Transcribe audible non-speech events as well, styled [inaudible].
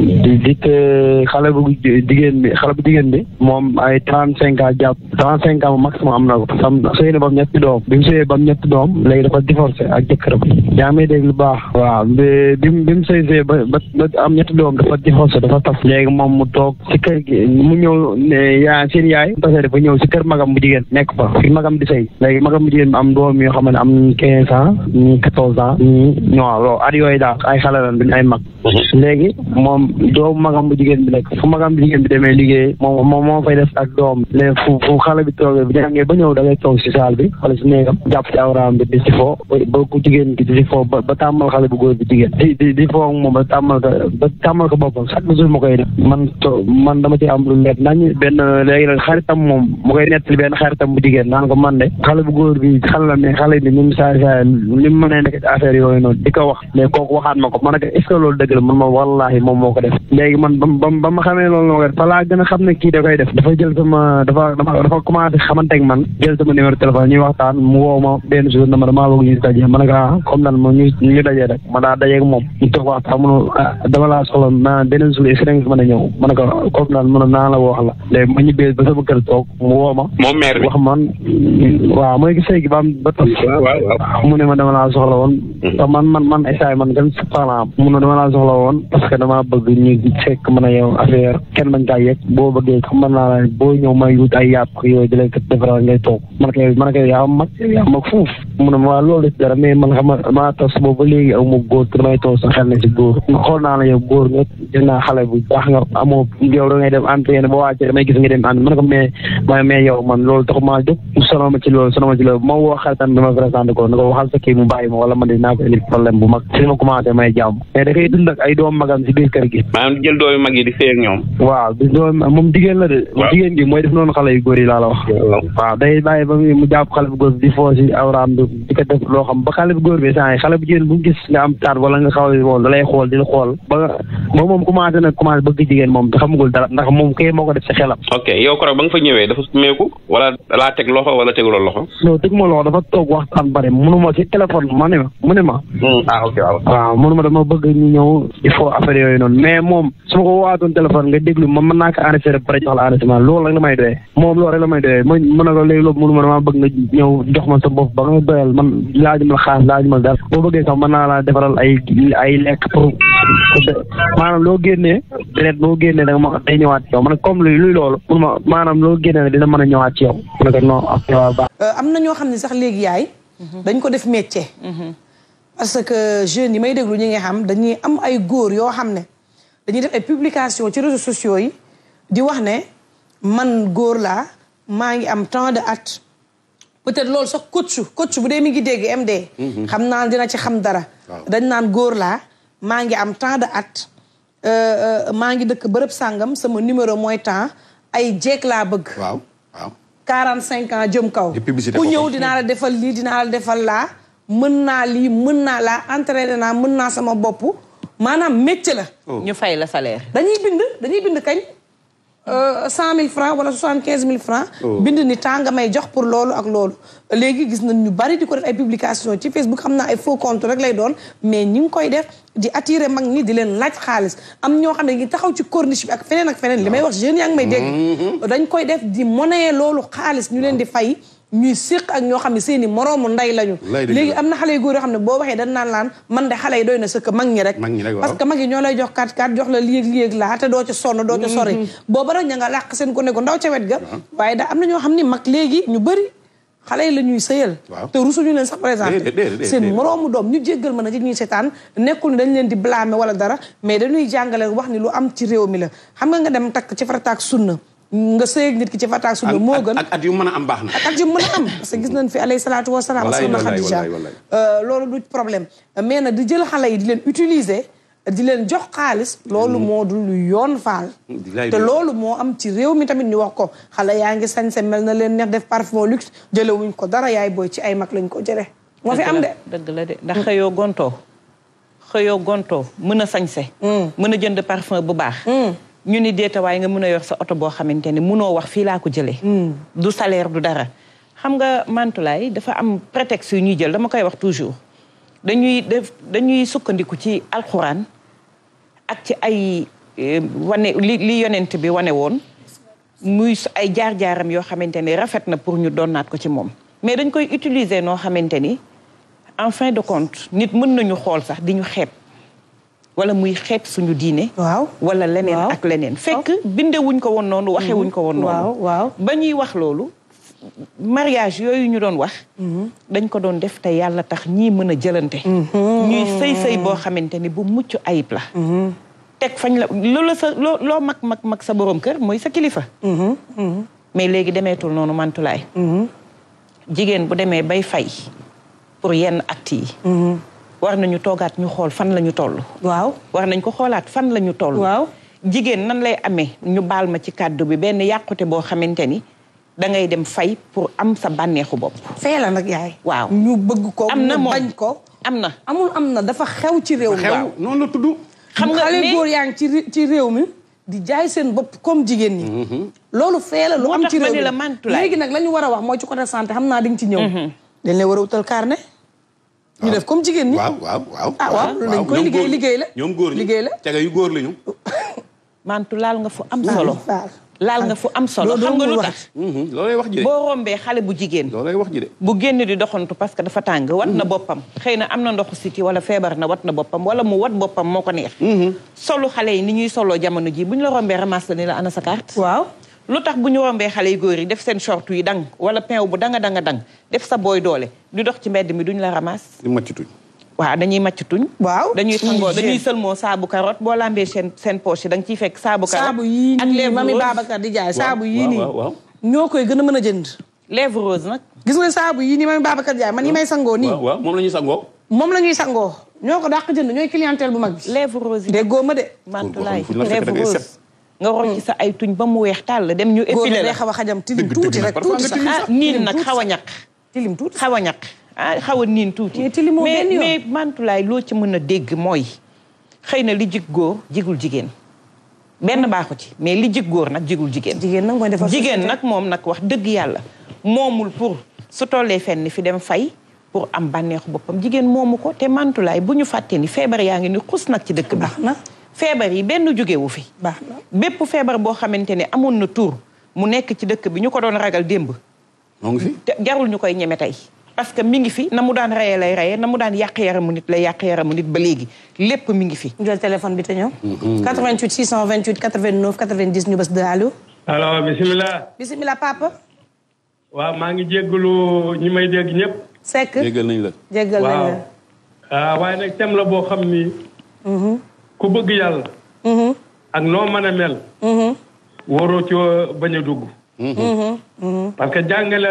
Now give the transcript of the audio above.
di dikk eh, xale bu jigéen bi xale bu jigéen bi moom ay trente cinq ans jàpp trente cinq ans maximum am na ko sam sëy na ñetti doom bi mu sëyee ba mu ñetti doom léegi dafa divorcé ak jëkkëram yaa may dégg lu baax waaw bi mu bi mu ba ba am ñetti doom dafa divorcé dafa tas léegi moom mu toog kër gi mu ñëw yaa seen yaay parce que ñëw si kër magam bu jigéen nekk fa fi di sëy léegi magam bu jigéen bi am doom yoo xam ne am quinze ans ñi quatorze ans ñi ñoo loolu yooyu daal ay xale lan duñu ay mag mhm. léegi moom am doom magam bu jigéen bi nag fu magam bu jigéen bi demee liggéey moom moom moo fay def ak doom léegi fu fu xale bi toogee bu jàngee ba ñëw da ngay toog si saal bi si néegam jàpp ci awraam bi di si foo ba ku jigéen di foo ba tàmmal xale bu góor bi jigéen di di di foo moom ba tàmmal ko ba tàmmal ko boppam chaque jour ma koy def man man dama ci am lu leer nañ benn léegi nag xaritam moom mu koy nettali benn xaritam bu jigéen naan ko man de xale bu góor bi xale la mais xale bi saay saay mënee nekk affaire yooyu noonu di ko wax mais kooku waxaat ma ko man nag est ce que loolu dëgg la man ma wallahi moom moo ko def léegi man ba ba ma xamee loolu ma def fa laa gën a xam ne kii da koy def dafa jël sama dafa dama dafa commencé xamanteeg man jël sama numéro téléphone ñuy waxtaan mu woo ma benn jour na ma damaa bëgg ñu dajee ma ne ko ah, comme nan ma ñu ñu dajee rek ma daa dajee ak moom ñu toog waxtaan mu ah, dama laa soxla na beneen jour est-ce que mën a ñëw ma ne ko comme nan mu ne naa la wax la léegi ma ñibbee ba sama kër toog mu woo ma moom maire wax man waaw mooy gisee gi ba am ba tas ah, mu ne ma dama laa soxla woon hmm. man man man essay man gën sa mu ne dama laa soxla woon parce que dama bëgg bëgg ñu fekk mën a yow affaire kenn bañ kaa yegg boo bëggee ko mën naa la boo ñëw may wut ay yàpp yooyu di lay ko defaral ngay toog man kay man kay yaa mag yaa mag fuuf mu ne ma loolu dara mais man xam maa tas boobu ba léegi aw ma góor te damay toog sa xel ne si góor xool naa la yow góor nga dinaa xale bu baax nga amoo yow da ngay dem entraîné ba wàccee damay gis nga dem ànd man ko mais ma mais yow man loolu tax maa jóg sono ma ci loolu sono ma ci loolu ma woo xaritam bi ma présenté ko ne ko waxal sa kii mu bàyyi ma wala man dinaa ko indi problème bu mag si ma commencé may jàmm mais da koy dund ak ay doom magam si biir kër gi gi. maanaam jël doomi mag yi di seey ak ñoom. waaw doom moom jigéen la de. waaw gi mooy def noonu xale yu góor yi laa la wax. waaw day bàyyi ba mu jàpp xale bu góor bi di foosi awraam di ko def loo xam ba xale bu góor bi saa yi xale bu jigéen mu gis nga am taat wala nga xaw a woon da xool di xool ba ba moom commencé nag commencé bëgg jigéen moom te xamagul dara moo ko def si xelam. ok yow korog ba nga fa ñëwee dafa meeku loxo dafa toog waxtaan bari mënu ma mais moom su ma ko waatoon téléphone nga déglu ma mën naa ko enregistré ba pare jox la enregistrement loolu rek la may doyee moom loolu rek la may doyee ma mën a ko léegi loolu mënu ma damaa bëgg nga ñëw jox ma sa bopp ba nga doyal man ma xaas laaju maanaam da ma day ñëwaat yow man comme luy luy loolu mënu ma maanaam loo génnee dina mën a ñëwaat ci yow mu ne ko non ah, euh, am na ñoo xam ne sax léegi yaay mhm. dañ ko def métier mhm. parce que jeunes yi may déglu ñi nga xam dañuy am ay góor yoo xam ne dañuy def ay publication ci réseaux sociaux yi di wax ne man góor laa maa ngi am temps de at peut-être loolu sax coach coach bu dee mi ngi dégg de mhm. xam naa dina ci xam dara dañ naan góor laa maa ngi am temps de at euh, euh, maa ngi dëkk bërëb sàngam sama numéro mooy temps ay jeeg laa bëgg waaw waaw quarante cinq ans jëm kaw ku ñëw dinaa la defal lii dinaa la defal laa mën naa lii mën naa laa entraîné naa mën naa sama bopp maanaam métier la. Oh. ñu fay la salaire. dañuy bind dañuy bind kañ. Euh, cent mille francs wala soixante quinze mille francs oh. bind ni temps may jox pour loolu ak loolu léegi gis nañ ñu bari di ko def ay publication ci Facebook xam naa ay faux compte lay doon mais ñi ngi koy def di attirer mag ñi di leen laaj xaalis am ñoo xam ne ngi taxaw ci corniche bi ak feneen ak feneen li may wax jeunes yaa ngi may dégg mm-hmm. dañ koy def di monnayer loolu xaalis ñu leen di fay ñuy séq ak ño xamni seeni moroomu nday lañu léegi amna xalé goor yu góor yoo xam dañ nan lan man de xalé doyna doy mag ñi rek parce que mag ñi ñolay jox kat kat jox la liek liek la te do ci sonn do ci sori mm-hmm. booba nag ña nga làq seen ne ko ndaw ci wet ga uh-huh. waye da amna ño xamni mag léegi ñu bari xalé la ñuy sëyal te rusuñu leen sax présenté seen moroomu doom ñu jéggal mën ci ñuy sétane nekkul dañ leen di blâmer wala dara mais dañuy jàngalé wax ni lu am ci réew mi la xam nga nga dem tak ci farataak sunna nga sëyeeg nit ki ci fataak sunna moo gën ak at yu mën a am baax na ak at yu mën a am parce que gis nañ fi alayhi salaatu wasalaam sunna Xadija euh, loolu du problème mais nag di jël xale yi di leen utiliser di leen jox xaalis loolu mm. moo dul yoon faal te loolu moo am ci réew mi tamit ñu wax ko xale yaa ngi sañse mel na leen neex def parfum luxe jëlewuñ ko dara yaay booy ci ay mag lañ ko jëre moo fi am de dëgg la de ndax xëyoo gontoo xëyoo gontoo mën a sañse mm. mën a jënd parfum bu baax mm. ñu ni déetawaay nga mën a yor sa oto boo xamante ne mënoo wax fii laa ko jëlee. Hmm. du salaire du dara. xam nga mantulaay dafa am prétexte yu ñuy jël dama koy wax toujours dañuy def dañuy sukkandiku ci alxuraan ak ci ay eh, wane li li yonent bi wane woon muy ay jaar-jaaram yoo xamante ne rafet na pour ñu naat ko ci moom. mais dañ koy utiliser noo xamante ni en fin de compte nit mën nañu xool sax di ñu xeeb. wala muy xeet suñu diine. waaw wala leneen ak leneen. fekk bindewuñ ko woon noonu waxewuñ ko woon noonu. waaw ba ñuy wax loolu. mariage yooyu ñu doon wax. Mhm. dañ ko doon def te yàlla tax ñi mën a jëlante. Mhm. ñuy sëy sëy boo xamante ni bu mucc ayib la. Mhm. teg fañ la sa loo mag mag mag sa boroom kër mooy sa kilifa. mais léegi demeetul noonu mantulaay. jigéen bu demee bay fay pour yenn actes yi. war nañu toogaat ñu xool fan la ñu toll. waaw war nañ ko xoolaat fan la ñu toll. waaw jigéen nan lay amee ñu baal ma ci kàddu bi benn yàqute boo xamante ni. da ngay dem fay pour am sa bànneexu bopp. fee la nag yaay. waaw ñu bëgg ko. am na moom bañ ko. am na amul am na dafa xew ci réew mi. xew noonu la tudd. xam nga xale góor yaa ngi ci ci réew mi. di jaay seen bopp comme jigéen ñi. Mm-hmm. loolu fee la lu am ci réew mi léegi nag la ñu war a wax mooy ci côté santé xam naa di nga ci ñëw. Mm-hmm. dañ lay war a utal carnet. ñu def comme jigéen ñi. waaw waaw ah, liggéey liggéey la. ñoom góor liggéey la caga yu góor lañu. [laughs] mantu laal nga fu am solo. laal nga fu am solo xam nga lu tax. Mhm, loolay wax boo rombee xale bu jigéen. loolay wax ji bu génn di doxantu parce que dafa tàng. wat na mhm. boppam xëy na am na ndoxu siti wala feebar na wat na boppam wala mu wat boppam moo ko neex. Mhm. solu xale yi ni ñuy soloo jamono jii bu ñu la rombee ramasse la ni la ana sa carte. waaw lu tax bu ñu rombee xale yu góor yi def seen short yi dang wala peew bu danga danga dang def sa booy doole di dox ci mbedd mi duñ la ramas. di màcc waaw dañuy màcc tuñ. waaw dañuy sangoo dañuy sëlmoo saabu carotte boo lambee seen seen poche da nga ciy fekk saabu. carotte ak lèvre rose saabu yii nii mami Babacar di jaay saabu yii nii. ñoo koy gën a mën a jënd. lèvre rose nag. gis nga saabu yii nii mami Babacar jaay man yi may sangoo nii. moom la ñuy sangoo. moom la ñuy sangoo ñoo ko dàq jënd ñooy clientèle bu mag bi. lèvre rose yi de góoma de. mantulaay lèvre rose nga roñ ci sa ay tuñ ba mu weex tàll dem ñu épilé la ah, xaw a xajam tilim tuuti rek tuuti sax ah niin nag xaw a ñaq tilim tuuti xaw a ñaq ah xaw a niin tuuti mais mais mantulaay loo ci mën a dégg mooy xëy na li jig góor jigul jigéen benn hmm. baaxu ci mais li jig góor nag jigul jigéen jigéen nag moom nag wax dëgg yàlla moomul pour su tollee fenn fi dem fay pour am bànneexu boppam jigéen moomu ko te mantulaay bu ñu fàtte ni feebar yaa ngi ni xus nag ci dëkk baax na feebar yi benn jógewu fi bépp feebar boo xamante ne amoon na tur mu nekk ci dëkk bi ñu ko doon ragal démb moo ngi fi jarul ñu koy ñeme tey parce que mi ngi fi na mu daan rayee lay rayee na mu daan yàq yaramu nit lay yàq yaramu nit ba léegi lépp mi ngi fi jël téléphone bi te ñëw 88 628 89 90 ñu bés de allo allo bisimilah bisimilah papa waaw maa ngi jéggalu ñi may dégg ñëpp sekk jéggal nañ la jéggal nañ la ah, boo xam ni mm-hmm. ku bëgg yàlla mm-hmm. ak noo mën a mel mm-hmm. waroo ci bañ a dugg mm-hmm. parce que jàngale